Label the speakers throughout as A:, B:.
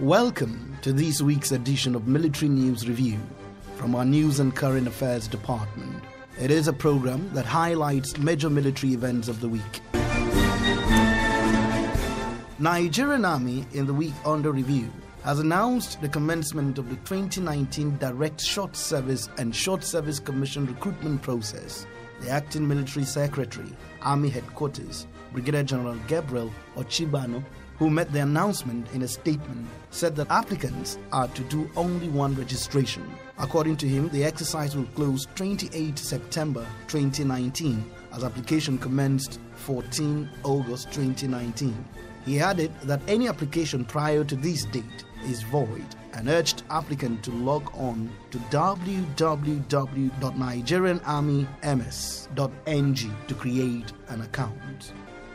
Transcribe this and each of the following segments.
A: Welcome to this week's edition of Military News Review from our News and Current Affairs Department. It is a program that highlights major military events of the week. Nigerian Army in the week under review has announced the commencement of the 2019 Direct Short Service and Short Service Commission recruitment process. The acting military secretary, Army Headquarters, Brigadier General Gabriel Ochibano, who made the announcement in a statement, said that applicants are to do only one registration. According to him, the exercise will close 28 September 2019 as application commenced 14 August 2019. He added that any application prior to this date is void and urged applicant to log on to www.nigerianarmyms.ng to create an
B: account.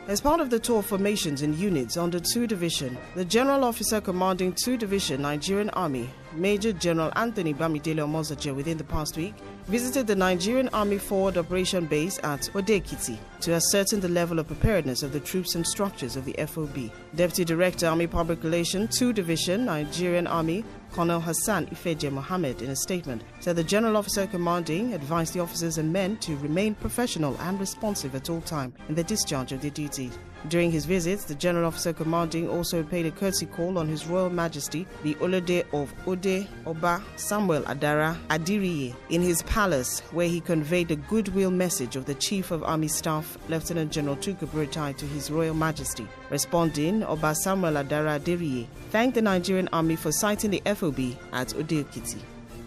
B: As part of the tour of formations and units under 2 Division, the General Officer commanding 2 Division Nigerian Army, Major General Anthony Bamidele Omozaje, within the past week, visited the Nigerian Army Forward Operation Base at Odekiti to ascertain the level of preparedness of the troops and structures of the FOB. Deputy Director Army Public Relations 2 Division Nigerian Army, Colonel Hassan Ifeje Mohammed, in a statement, said the general officer commanding advised the officers and men to remain professional and responsive at all time in the discharge of their duties. During his visits, the General Officer Commanding also paid a courtesy call on His Royal Majesty, the Olode of Ode Oba Samuel Adara Adiriye, in his palace, where he conveyed a goodwill message of the Chief of Army Staff, Lieutenant General Tuka to His Royal Majesty. Responding, Oba Samuel Adara Adiriye thanked the Nigerian Army for citing the FOB at Odeokiti.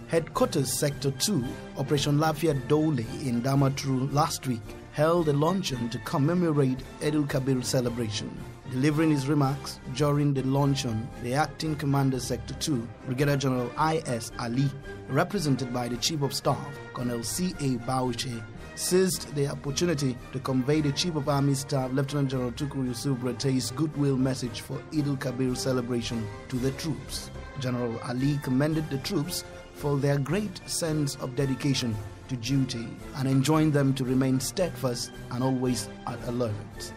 B: Headquarters Sector
A: 2, Operation Lafayette Dole in Damatru last week held a luncheon to commemorate Edu Kabir celebration. Delivering his remarks during the luncheon, the Acting Commander Sector 2, Brigadier General I.S. Ali, represented by the Chief of Staff, Colonel C.A. Bauche, seized the opportunity to convey the Chief of Army Staff, Lieutenant General Tukur Yusuf Bretey's goodwill message for Idul Kabir celebration to the troops. General Ali commended the troops for their great sense of dedication to duty and enjoined them to remain steadfast and always at
B: alert.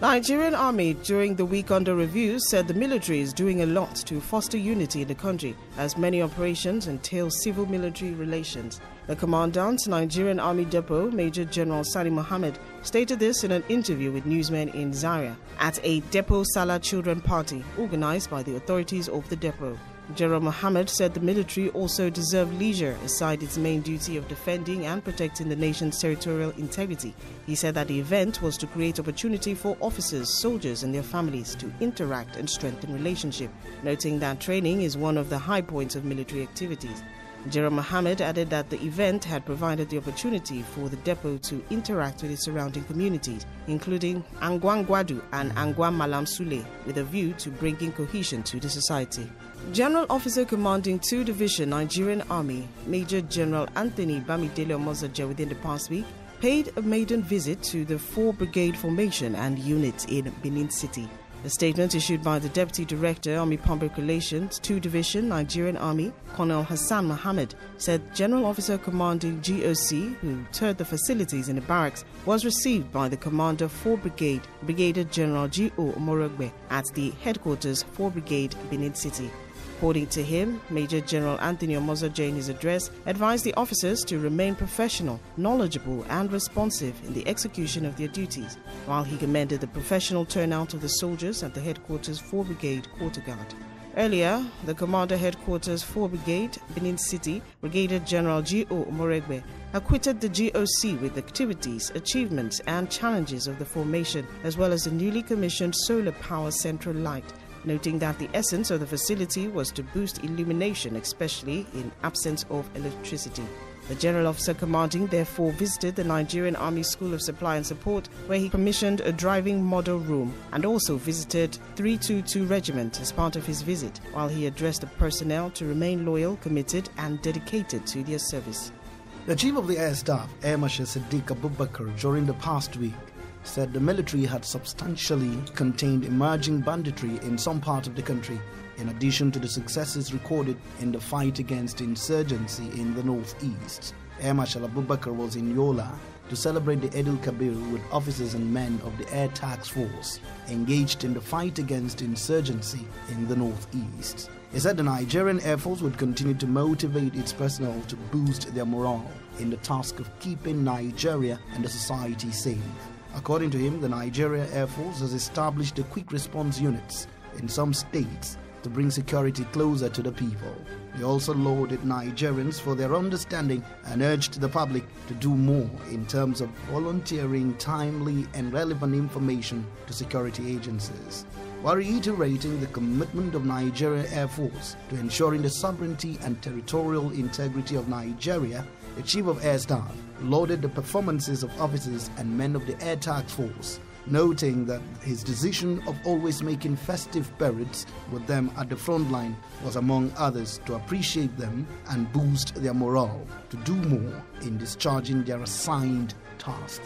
B: Nigerian Army during the week under review said the military is doing a lot to foster unity in the country as many operations entail civil military relations. The commandant, Nigerian Army Depot, Major General Sani Mohammed, stated this in an interview with newsmen in Zaria at a Depot Salah Children Party organized by the authorities of the depot. General Mohammed said the military also deserved leisure aside its main duty of defending and protecting the nation's territorial integrity. He said that the event was to create opportunity for officers, soldiers and their families to interact and strengthen relationship, noting that training is one of the high points of military activities. Jira Mohammed added that the event had provided the opportunity for the depot to interact with its surrounding communities, including Gwadu and Angwa Malam Sule, with a view to bringing cohesion to the society. General Officer Commanding 2 Division Nigerian Army, Major General Anthony Bamidele Omozaje within the past week, paid a maiden visit to the 4 Brigade Formation and units in Benin City. A statement issued by the Deputy Director, Army Public Relations, 2 Division, Nigerian Army, Colonel Hassan Mohammed, said General Officer Commanding GOC, who toured the facilities in the barracks, was received by the Commander 4 Brigade, Brigadier General G.O. Morogwe, at the headquarters 4 Brigade, Benin City. According to him, Major General Anthony Omozo in his address advised the officers to remain professional, knowledgeable, and responsive in the execution of their duties, while he commended the professional turnout of the soldiers at the headquarters 4 Brigade Quarter Guard. Earlier, the Commander Headquarters 4 Brigade, Benin City, Brigadier General G.O. Moregwe, acquitted the GOC with activities, achievements, and challenges of the formation, as well as the newly commissioned Solar Power Central Light noting that the essence of the facility was to boost illumination, especially in absence of electricity. The General Officer Commanding therefore visited the Nigerian Army School of Supply and Support, where he commissioned a driving model room and also visited 322 Regiment as part of his visit, while he addressed the personnel to remain loyal, committed, and dedicated to their service. The Chief of the Air Staff, Air Marshal Sadiq Abubakar, during the past week, said
A: the military had substantially contained emerging banditry in some part of the country, in addition to the successes recorded in the fight against insurgency in the northeast. Air Marshal Abubakar was in Yola to celebrate the Eid al-Kabir with officers and men of the Air Tax Force engaged in the fight against insurgency in the northeast. He said the Nigerian Air Force would continue to motivate its personnel to boost their morale in the task of keeping Nigeria and the society safe. According to him, the Nigeria Air Force has established the quick response units in some states to bring security closer to the people. He also lauded Nigerians for their understanding and urged the public to do more in terms of volunteering timely and relevant information to security agencies, while reiterating the commitment of Nigeria Air Force to ensuring the sovereignty and territorial integrity of Nigeria the Chief of Air Staff lauded the performances of officers and men of the Air Task Force, noting that his decision of always making festive parades with them at the front line was, among others, to appreciate them and boost their morale to do more in discharging
B: their assigned task.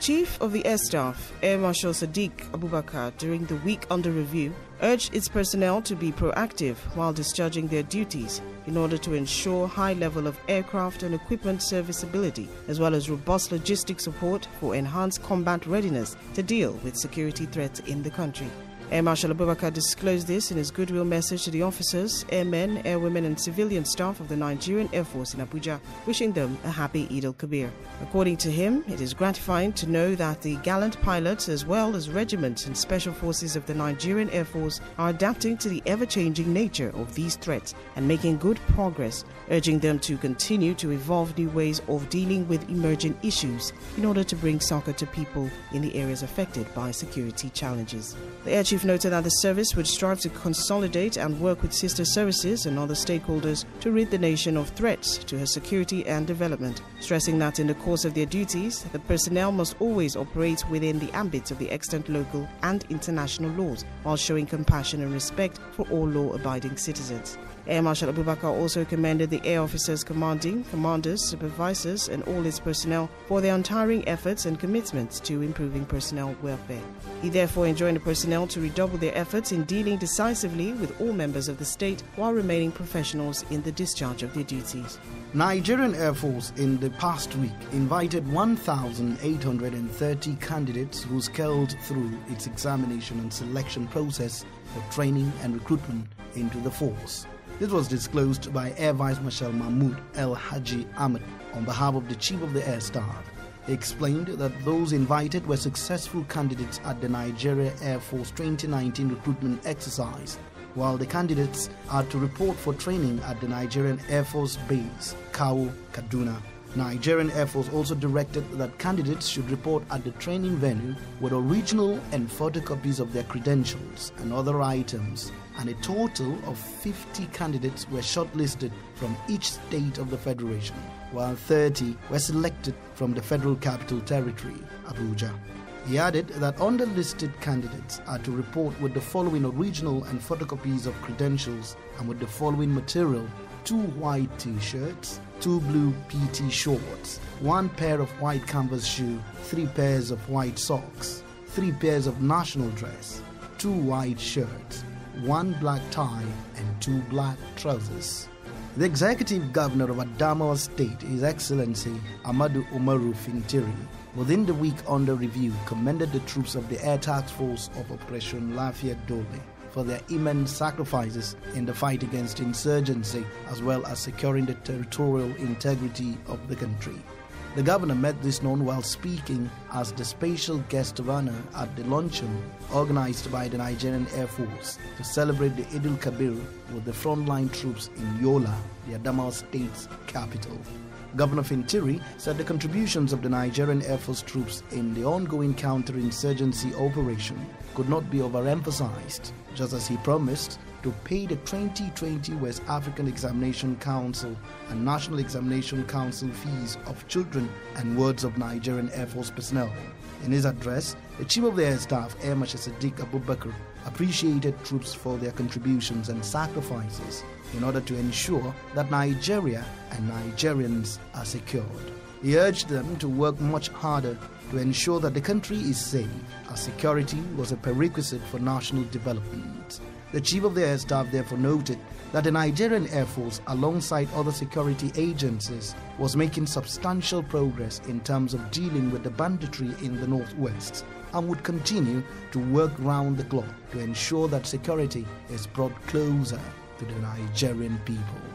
B: Chief of the Air Staff, Air Marshal Sadiq Abubakar, during the week under review, urged its personnel to be proactive while discharging their duties in order to ensure high level of aircraft and equipment serviceability, as well as robust logistic support for enhanced combat readiness to deal with security threats in the country. Air Marshal Abubakar disclosed this in his goodwill message to the officers, airmen, airwomen, and civilian staff of the Nigerian Air Force in Abuja, wishing them a happy Eid al Kabir. According to him, it is gratifying to know that the gallant pilots, as well as regiments and special forces of the Nigerian Air Force, are adapting to the ever changing nature of these threats and making good progress, urging them to continue to evolve new ways of dealing with emerging issues in order to bring soccer to people in the areas affected by security challenges. The Air Chief have noted that the service would strive to consolidate and work with sister services and other stakeholders to rid the nation of threats to her security and development, stressing that in the course of their duties, the personnel must always operate within the ambit of the extant local and international laws while showing compassion and respect for all law abiding citizens. Air Marshal Abubakar also commended the air officers commanding, commanders, supervisors, and all its personnel for their untiring efforts and commitments to improving personnel welfare. He therefore enjoined the personnel to redouble their efforts in dealing decisively with all members of the state while remaining professionals in the discharge of their duties.
A: Nigerian Air Force in the past week invited 1,830 candidates who scaled through its examination and selection process for training and recruitment into the force. This was disclosed by Air Vice Marshal Mahmoud El Haji Ahmed on behalf of the Chief of the Air Staff explained that those invited were successful candidates at the Nigeria Air Force 2019 recruitment exercise, while the candidates are to report for training at the Nigerian Air Force Base, Kau, Kaduna, Nigerian Air Force also directed that candidates should report at the training venue with original and photocopies of their credentials and other items, and a total of 50 candidates were shortlisted from each state of the Federation, while 30 were selected from the Federal Capital Territory, Abuja. He added that underlisted candidates are to report with the following original and photocopies of credentials and with the following material two white t shirts, two blue PT shorts, one pair of white canvas shoe, three pairs of white socks, three pairs of national dress, two white shirts, one black tie, and two black trousers. The executive governor of Adamawa State, His Excellency Amadu Umaru Fintiri, within the week under review, commended the troops of the Air Task Force of Operation Lafayette Dole for their immense sacrifices in the fight against insurgency as well as securing the territorial integrity of the country. The governor met this known while speaking as the special guest of honor at the luncheon organized by the Nigerian Air Force to celebrate the Idul Kabir with the frontline troops in Yola, the Adamawa state's capital. Governor Fintiri said the contributions of the Nigerian Air Force troops in the ongoing counterinsurgency operation could not be overemphasized, just as he promised to pay the 2020 West African Examination Council and National Examination Council fees of children and words of Nigerian Air Force personnel. In his address, the Chief of the Air Staff, Air Marshal Sadiq Abubakar, appreciated troops for their contributions and sacrifices in order to ensure that Nigeria and Nigerians are secured. He urged them to work much harder to ensure that the country is safe, as security was a prerequisite for national development. The chief of the air staff therefore noted that the Nigerian Air Force, alongside other security agencies, was making substantial progress in terms of dealing with the banditry in the northwest, and would continue to work round the clock to ensure that security is brought closer
B: to the Nigerian people.